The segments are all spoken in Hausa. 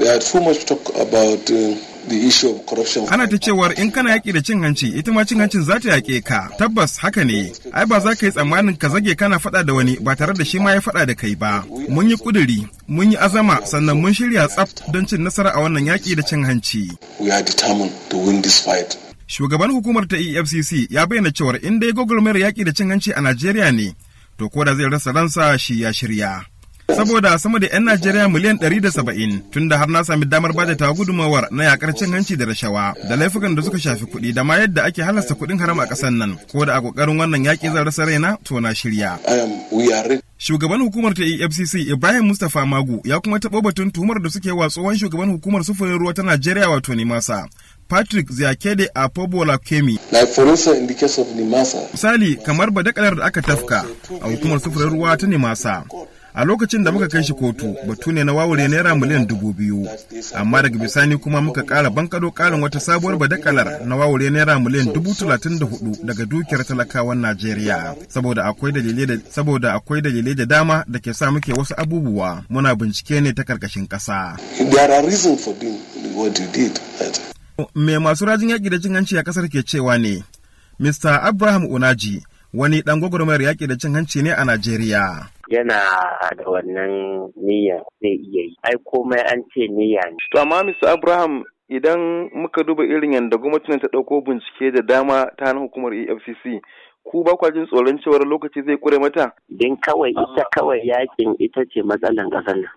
Uh, Ana ta cewar in kana yaƙi da cin hanci ita ma cin hancin za ta yaƙe ka tabbas haka ne ai ba za ka yi tsammanin ka zage kana faɗa da wani ba tare da shi ma ya faɗa da kai ba mun yi ƙuduri mun yi azama sannan mun shirya tsaf don cin nasara a wannan yaƙi da cin hanci. Shugaban hukumar ta EFCC ya bayyana cewar in dai gwagwarmayar yaƙi da cin hanci a Najeriya ne to ko da zai rasa ransa shi ya shirya. Saboda a sama da 'yan Najeriya miliyan 170 tunda har na sami damar bada ta gudumawar na yakar cin hanci da rashawa da laifukan da suka shafi kuɗi da ma yadda ake halasta kuɗin haram a ƙasar nan ko da a ƙoƙarin wannan yaƙi zan rasa raina to na shirya. Shugaban hukumar ta EFCC Ibrahim Mustapha Magu ya kuma taɓo batun tuhumar da suke wa shugaban hukumar sufurin ruwa ta Najeriya wato Nimasa Patrick Ziakede a Pobola Kemi. Misali kamar badakalar da aka tafka a hukumar sufurin ruwa ta Nimasa. a lokacin da muka kai shi kotu batu ne na wawure naira miliyan dubu biyu amma daga bisani kuma muka kara bankado karin wata sabuwar badakalar na wawure naira miliyan dubu talatin da hudu daga dukiyar talakawan najeriya saboda akwai dalilai da saboda akwai dalilai da dama da ke sa muke wasu abubuwa muna bincike ne ta karkashin kasa me masu rajin yaƙi da cin hanci a kasar ke cewa ne mr abraham unaji wani ɗan gwagwarmayar yaƙi da cin hanci ne a najeriya yana da wannan niyya zai iya yi ai komai an ce niyya ne to amma Mr Abraham idan muka duba irin yadda gwamnatin ta ɗauko bincike da dama ta hannun hukumar EFCC ku ba kwa jin tsoron cewar lokaci zai kure mata? Din kawai ita kawai yakin ita ce matsalan kasar nan.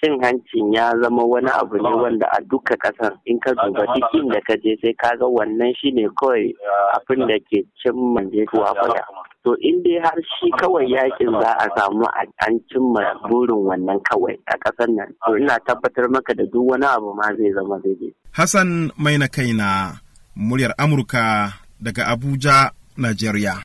Cin hanci ya zama wani abu ne wanda a duka kasar in ka duba duk da ka je sai ka ga wannan shine kawai abin da ke cin manje tuwa fada. to in dai har shi kawai yakin za a samu an cimma burin wannan kawai a ƙasar nan to ina tabbatar maka da duk wani abu ma zai zama daidai. Hassan mai na kaina muryar Amurka daga Abuja, Najeriya.